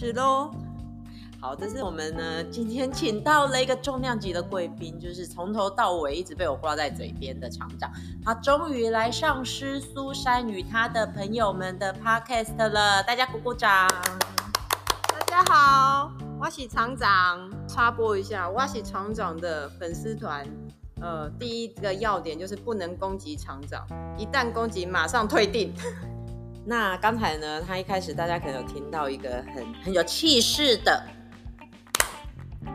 是嘍，好，這是我們呢今天請到了一個重量級的貴賓，就是從頭到尾一直被我掛在嘴邊的廠長，他終於來上《施蘇珊與他的朋友們》的 podcast 了，大家鼓鼓掌。大家好，挖系廠長。插播一下，挖系廠長的粉絲團，呃，第一個要點就是不能攻擊廠長，一旦攻擊，馬上退訂。 那剛才呢，他一開始大家可能有聽到一個很很有氣勢的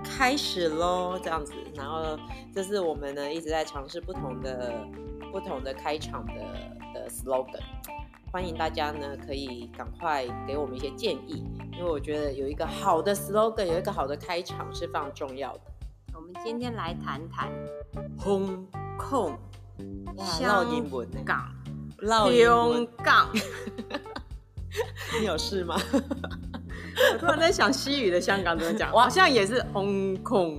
開始嘍，這樣子。然後這是我們呢一直在嘗試不同的不同的開場的的 slogan，歡迎大家呢可以趕快給我們一些建議，因為我覺得有一個好的 slogan，有一個好的開場是非常重要的。我們今天來談談，Hong Kong，英文、欸、香港嘎，香港。 你有事嗎？我突然在想西語的香港怎麼講，我好像也是 Hong Kong。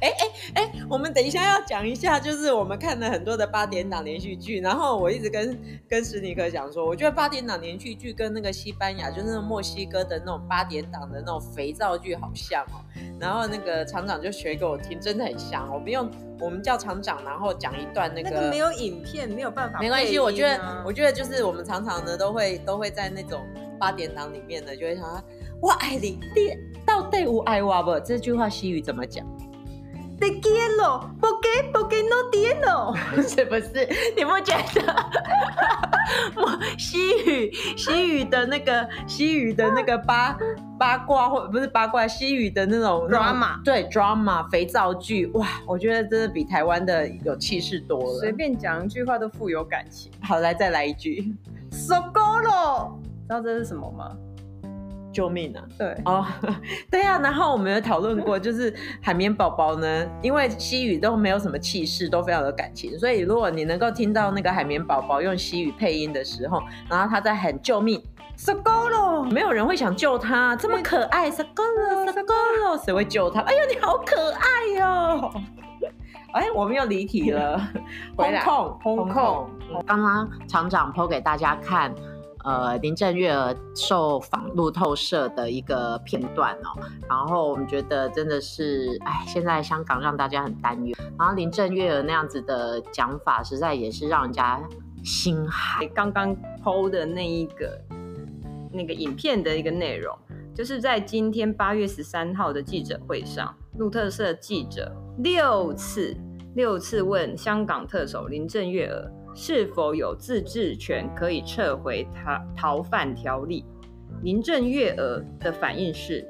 哎哎哎，我們等一下要講一下，就是我們看了很多的八點檔連續劇，然後我一直跟跟史尼克講說，我覺得八點檔連續劇跟那個西班牙就是墨西哥的那種八點檔的那種肥皂劇好像哦、喔。然後那個廠長就學給我聽，真的很像哦、喔。我不用我們叫廠長，然後講一段、那個、那個沒有影片，沒有辦法、啊，沒關係。我覺得我覺得就是我們常常呢都會都會在那種八點檔裡面呢，就會講，我愛你，你到底有愛我嗎，這句話西語怎麼講？的天咯，不給不給，no 天咯！是不是？你不覺得？哈哈哈，西語西語的那個西語的那個八 八卦或不是八卦，西語的那種 drama 對 drama 肥皂劇哇，我覺得真的比台灣的有氣勢多了。隨便講一句話都富有感情。好，來，再來一句，說夠了。知道這是什麼嗎？救命啊！對哦，oh, 對啊，然後我們有討論過，就是海綿寶寶呢， 因為西語都沒有什麼氣勢，都非常有感情。所以如果你能夠聽到那個海綿寶寶用西語配音的時候，然後他在喊救命，Socorro，沒有人會想救他，這麼可愛，Socorro ，Socorro，誰會救他？哎呦，你好可愛喲、哦！ 哎，我們又離題了，空空 來，空空。港剛剛廠長 PO 給大家看。呃，林鄭月娥受訪路透社的一個片段哦，然後我們覺得真的是，哎，現在香港讓大家很擔憂，然後林鄭月娥那樣子的講法，實在也是讓人家心寒。剛剛 PO 的那一個那個影片的一個內容，就是在今天八月十三號的記者會上，路透社記者六次六次問香港特首林鄭月娥。是否有自治權可以撤回《逃逃犯條例》？林鄭月娥的反應是。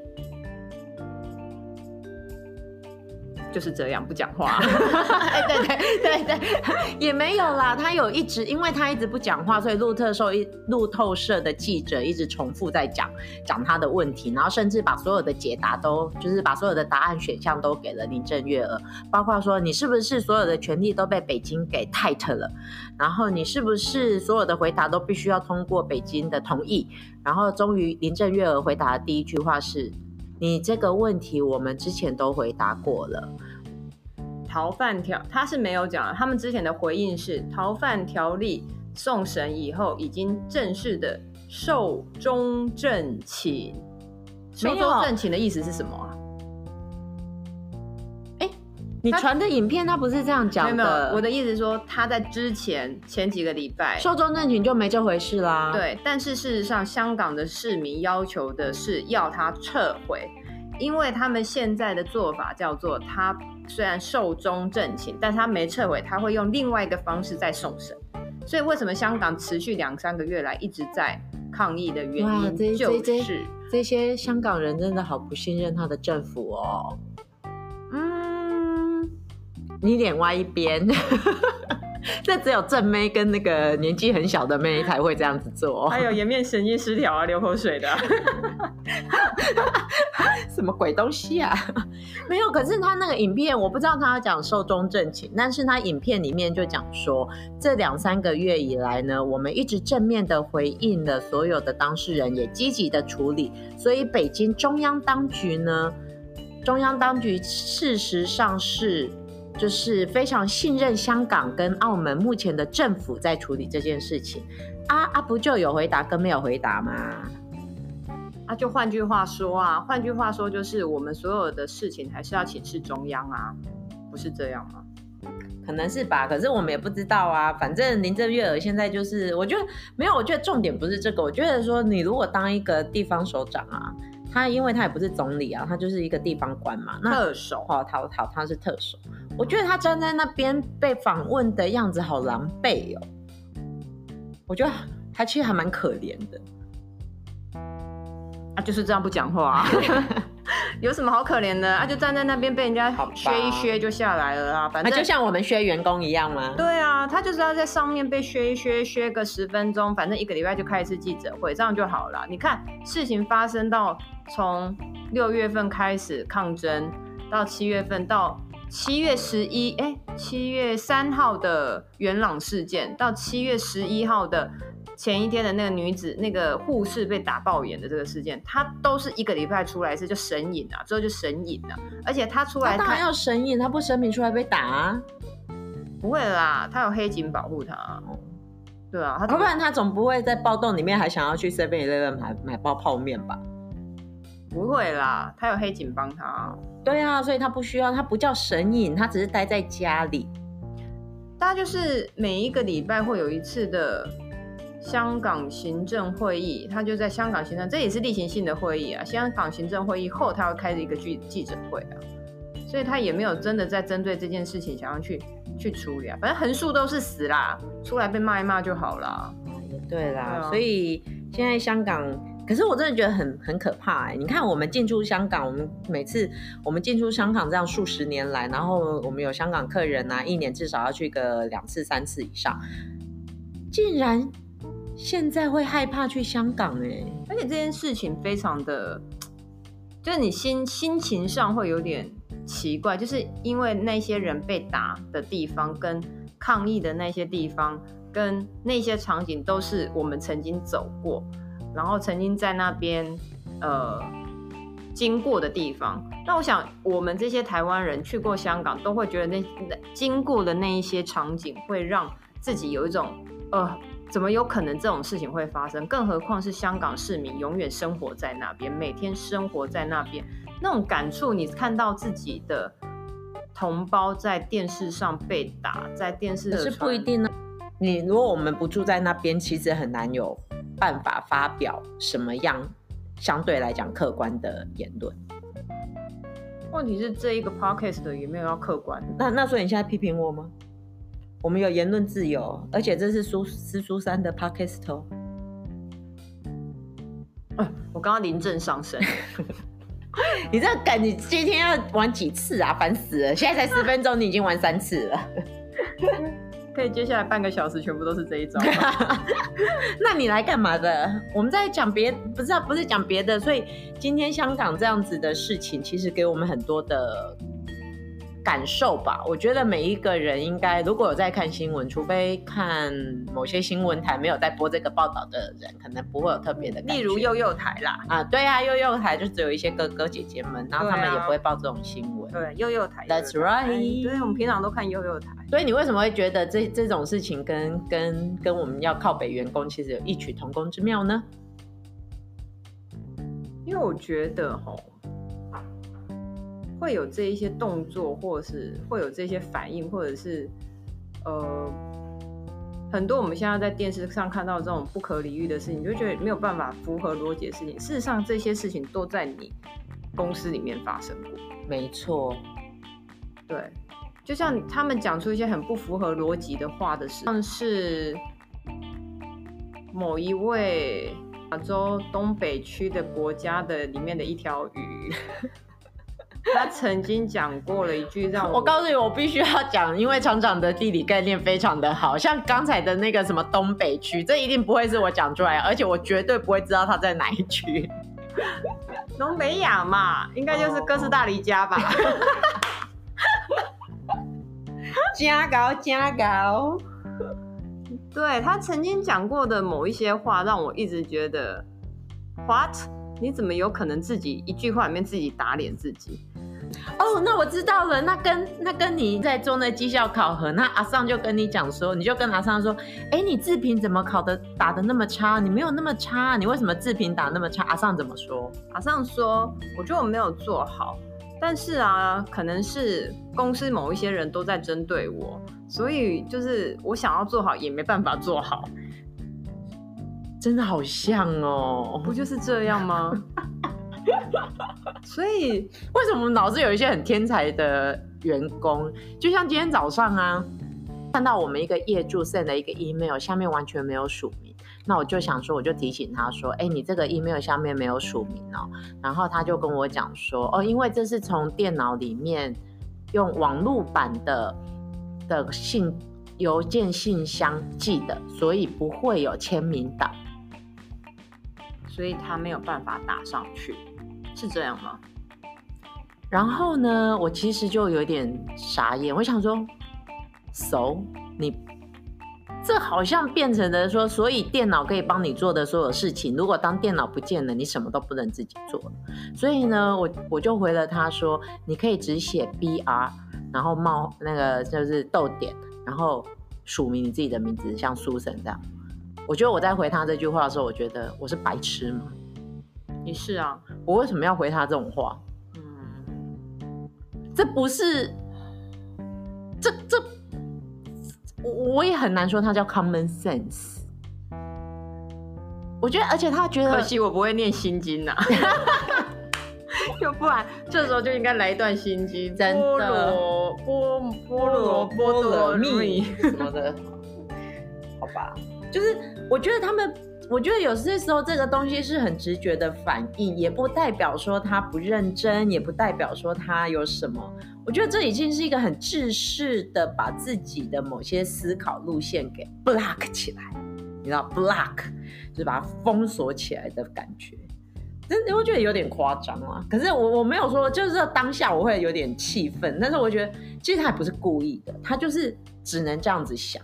就是這樣，不講話、啊 欸。對對對對，對對 也沒有啦。他有一直，因為他一直不講話，所以路透社一路透社的記者一直重複在講講他的問題，然後甚至把所有的解答都，就是把所有的答案選項都給了林鄭月娥，包括說你是不是所有的權力都被北京給 tight 了，然後你是不是所有的回答都必須要通過北京的同意，然後終於林鄭月娥回答的第一句話是。你這個問題我們之前都回答過了。逃犯條，他是沒有講，他們之前的回應是逃犯條例送審以後已經正式的壽終正寢。壽終正寢的意思是什麼？有你傳的影片，他不是這樣講的。沒有，沒有，我的意思是說，他在之前前幾個禮拜壽終正寢，情就沒這回事啦。對，但是事實上，香港的市民要求的是要他撤回，因為他們現在的做法叫做，他雖然壽終正寢，但他沒撤回，他會用另外一個方式再送審。所以為什麼香港持續兩三個月來一直在抗議的原因，就是哇這，這，這，這，這些香港人真的好不信任他的政府哦。你臉歪一邊呵呵，這只有正妹跟那個年紀很小的妹才會這樣子做哦。還有顏面神經失調啊，流口水的啊， 什麼鬼東西啊？沒有，可是他那個影片，我不知道他要講壽終正寢，但是他影片裡面就講說，這兩三個月以來呢，我們一直正面的回應了所有的當事人，也積極的處理，所以北京中央當局呢，中央當局事實上是。就是非常信任香港跟澳門目前的政府在處理這件事情啊，啊啊不就有回答跟沒有回答嗎？啊，就換句話說啊，換句話說就是我們所有的事情還是要請示中央啊，不是這樣嗎？可能是吧，可是我們也不知道啊。反正林鄭月娥現在就是，我覺得沒有，我覺得重點不是這個，我覺得說你如果當一個地方首長啊。他因為他也不是總理啊，他就是一個地方官嘛。那特首，陶陶、哦、他，他是特首，我覺得他站在那邊被訪問的樣子好狼狽哦，我覺得他其實還蠻可憐的，他、啊、就是這樣不講話、啊。 有什麼好可憐的？他、啊、就站在那邊被人家削一削就下來了啦。吧反正、啊、就像我們削員工一樣嗎？對啊，他就是要在上面被削一削，削個十分鐘，反正一個禮拜就開一次記者會，這樣就好了。你看事情發生到從六月份開始抗爭，到七月份，到七月十一、欸，哎，七月三號的元朗事件，到七月十一號的。前一天的那個女子，那個護士被打爆眼的這個事件，她都是一個禮拜出來一次就神隱啊，之後就神隱了、啊。而且她出來，當然、啊、要神隱，她不生病出來被打啊？不會啦，她有黑警保護她、哦。對啊，她不，啊不然她總不會在暴動裡面還想要去7-11買買包泡麵吧？不會啦，她有黑警幫她。對啊，所以她不需要，她不叫神隱，她只是待在家裡。大家就是每一個禮拜會有一次的。香港行政會議，他就在香港行政，這也是例行性的會議啊。香港行政會議後，他要開一個記記者會啊，所以他也沒有真的在針對這件事情想要去去處理啊。反正橫豎都是死啦，出來被罵一罵就好了、嗯。對啦，對啊、所以現在香港，可是我真的覺得很很可怕哎、欸。你看我們進出香港，我們每次我們進出香港這樣數十年來，然後我們有香港客人啊，一年至少要去個兩次三次以上，竟然。現在會害怕去香港哎、欸，而且這件事情非常的，就是你心心情上會有點奇怪，就是因為那些人被打的地方，跟抗議的那些地方，跟那些場景都是我們曾經走過，然後曾經在那邊呃經過的地方。那我想，我們這些台灣人去過香港，都會覺得那經過的那一些場景，會讓自己有一種呃。怎麼有可能這種事情會發生？更何況是香港市民永遠生活在那邊，每天生活在那邊那種感觸，你看到自己的同胞在電視上被打，在電視上可是不一定呢、啊。你如果我們不住在那邊，其實很難有辦法發表什麼樣相對來講客觀的言論。問題是這一個 podcast 的有沒有要客觀那？那那所以你現在批評我嗎？我們有言論自由，而且這是蘇司蘇珊的 podcast 哦、欸。我剛剛臨陣上身， 你這樣敢，你今天要玩幾次啊？煩死了！現在才十分鐘，啊、你已經玩三次了。可以接下來半個小時全部都是這一招。 那你來幹嘛的？我們在講別，不知道、啊、不是講別的，所以今天香港這樣子的事情，其實給我們很多的。感受吧，我覺得每一個人應該，如果有在看新聞，除非看某些新聞台沒有在播這個報道的人，可能不會有特別的感覺。例如幼幼台啦，啊，對呀、啊，幼幼台就只有一些哥哥姐姐們，然後他們也不會報這種新聞。對，啊、對，幼幼台。That's right。所以我們平常都看幼幼台。所以你為什麼會覺得這這種事情跟跟跟我們要靠北員工其實有異曲同工之妙呢？因為我覺得哈。會有這一些動作，或者是會有這些反應，或者是呃，很多我們現在在電視上看到這種不可理喻的事情，你就覺得沒有辦法符合邏輯的事情。事實上，這些事情都在你公司裡面發生過。沒錯，對，就像他們講出一些很不符合邏輯的話的事實上是某一位亞洲東北區的國家的裡面的一條魚。 他曾經講過了一句讓我，我告訴你，我必須要講，因為廠長的地理概念非常的好，像剛才的那個什麼東北區，這一定不會是我講出來，而且我絕對不會知道他在哪一區。 東北亞嘛，應該就是哥斯大黎加吧。真高真高， 對，他曾經講過的某一些話，讓我一直覺得，what？你怎麼有可能自己一句話裡面自己打臉自己？哦，那我知道了。那跟那跟你在做那績效考核，那阿尚就跟你講說，你就跟阿尚說，哎，你自評怎麼考得打得那麼差？你沒有那麼差，你為什麼自評打那麼差？阿尚怎麼說？阿尚說，我覺得我沒有做好，但是啊，可能是公司某一些人都在針對我，所以就是我想要做好也沒辦法做好。真的好像哦，不就是這樣嗎？ 所以為什麼老是有一些很天才的員工？就像今天早上啊，看到我們一個業主 send 了一個 email，下面完全沒有署名。那我就想說，我就提醒他說：“哎，你這個 email 下面沒有署名哦。”然後他就跟我講說：“哦，因為這是從電腦裡面用網絡版的的信郵件信箱寄的，所以不會有簽名檔，所以他沒有辦法打上去。”是這樣嗎？然後呢，我其實就有點傻眼。我想說，so 你這好像變成了說，所以電腦可以幫你做的所有事情，如果當電腦不見了，你什麼都不能自己做。所以呢，我我就回了他說，你可以只寫 BR，然後冒那個就是逗點，然後署名你自己的名字，像 Susan 這樣。我覺得我在回他這句話的時候，我覺得我是白痴嗎？你是啊。我為什麼要回他這種話？嗯，這不是，這這我，我也很難說他叫 common sense。我覺得，而且他覺得可惜我不會念心經吶，要不然 這時候就應該來一段心經，真的菠蘿菠菠蘿菠蘿蜜什麼的，好吧？就是我覺得他們。我覺得有些時候這個東西是很直覺的反應，也不代表說他不認真，也不代表說他有什麼。我覺得這已經是一個很制式的，把自己的某些思考路線給 block 起來，你知道 block 就是把它封鎖起來的感覺。真的會覺得有點誇張啊。可是我我沒有說，就是當下我會有點氣憤，但是我覺得其實他還不是故意的，他就是只能這樣子想。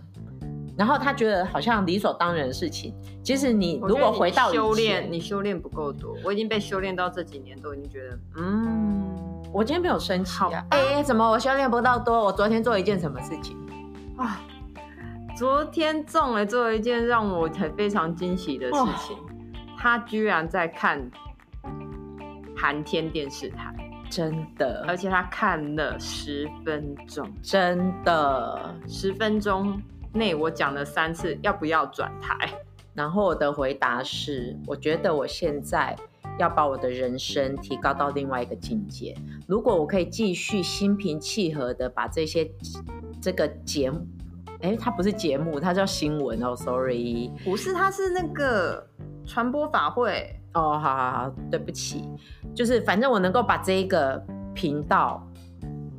然後他覺得好像理所當然的事情。其實你如果回到修煉，前你修煉不夠多。我已經被修煉到這幾年都已經覺得，嗯,我今天沒有生氣呀。哎好、欸，怎麼我修煉不到多？我昨天做了一件什麼事情啊？昨天中了做了做一件讓我很非常驚喜的事情，哇他居然在看，寒天電視台，真的，而且他看了十分鐘，真的十分鐘。那我講了三次，要不要轉台？然後我的回答是，我覺得我現在要把我的人生提高到另外一個境界。如果我可以繼續心平氣和的把這些這個節目，哎、欸，它不是節目，它叫新聞哦、oh，sorry，不是，它是那個傳播法會哦，好好好，對不起，就是反正我能夠把這一個頻道。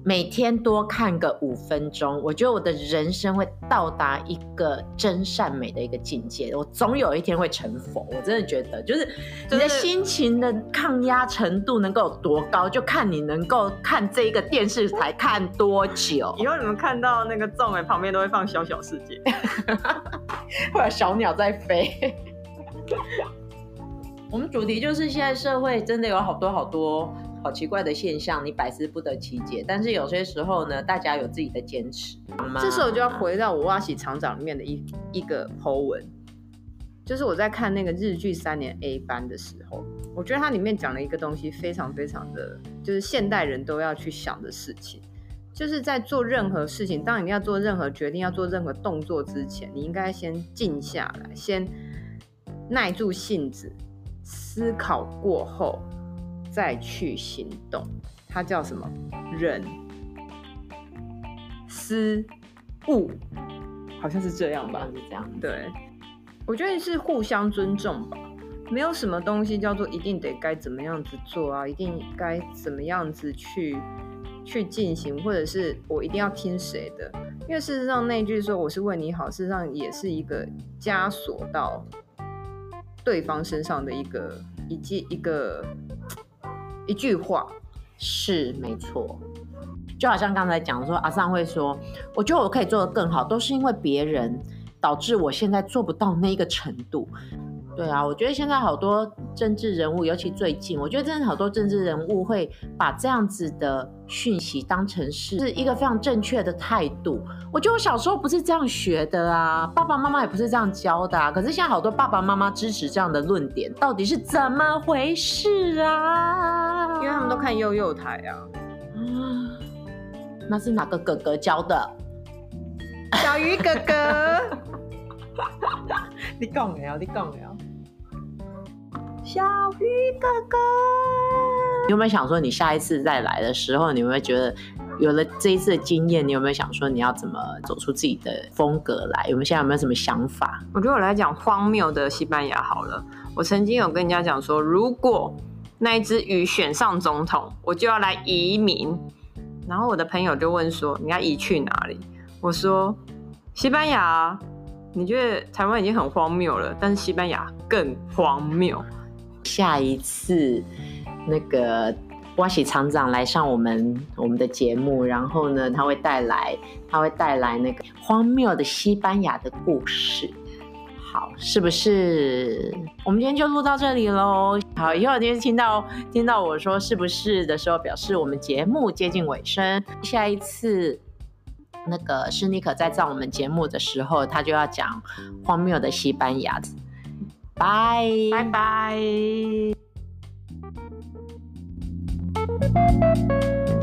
每天多看個五分鐘，我覺得我的人生會到達一個真善美的一個境界。我總有一天會成佛，我真的覺得。就是你的心情的抗壓程度能夠有多高，就看你能夠看這一個電視台看多久。以後你們看到那個綜藝旁邊都會放《小小世界》，會 有小鳥在飛。 我們主題就是現在社會真的有好多好多。好奇怪的現象，你百思不得其解。但是有些時候呢，大家有自己的堅持。這時候就要回到我挖系廠長裡面的一一個 Po 文，就是我在看那個日劇《三年 A 班》的時候，我覺得它裡面講了一個東西，非常非常的就是現代人都要去想的事情，就是在做任何事情，當你要做任何決定、要做任何動作之前，你應該先靜下來，先耐住性子，思考過後。再去行動，它叫什麼？人思物、故好像是這樣吧？是這樣。對，我覺得是互相尊重吧。沒有什麼東西叫做一定得該怎麼樣子做啊，一定該怎麼樣子去去進行，或者是我一定要聽誰的？因為事實上那句說我是為你好，事實上也是一個枷鎖到對方身上的一個，以及一個。一句話是沒錯，就好像剛才講說，阿尚會說，我覺得我可以做得更好，都是因為別人導致我現在做不到那一個程度。對啊，我覺得現在好多政治人物，尤其最近，我覺得真的好多政治人物會把這樣子的訊息當成是一個非常正確的態度。我覺得我小時候不是這樣學的啊，爸爸媽媽也不是這樣教的啊，可是現在好多爸爸媽媽支持這樣的論點，到底是怎麼回事啊？他們都看幼幼台啊，啊，那是哪個哥哥教的？小魚哥哥，你講了，你講了，小魚哥哥，你有沒有想說，你下一次再來的時候，你有沒有覺得有了這一次的經驗，你有沒有想說，你要怎麼走出自己的風格來？有沒有現在，有沒有什麼想法？我覺得我來講荒謬的西班牙好了。我曾經有跟人家講說，如果那一隻魚選上總統，我就要來移民。然後我的朋友就問說：“你要移去哪裡？”我說：“西班牙。”你覺得台灣已經很荒謬了，但是西班牙更荒謬。下一次那個挖系廠長來上我們我們的節目，然後呢，他會帶來他會帶來那個荒謬的西班牙的故事。好，是不是？我們今天就錄到這裡嘍。好，以後聽到聽到我說是不是的時候，表示我們節目接近尾聲。下一次，那個是妮可在上我們節目的時候，他就要講荒謬的西班牙。拜拜。Bye bye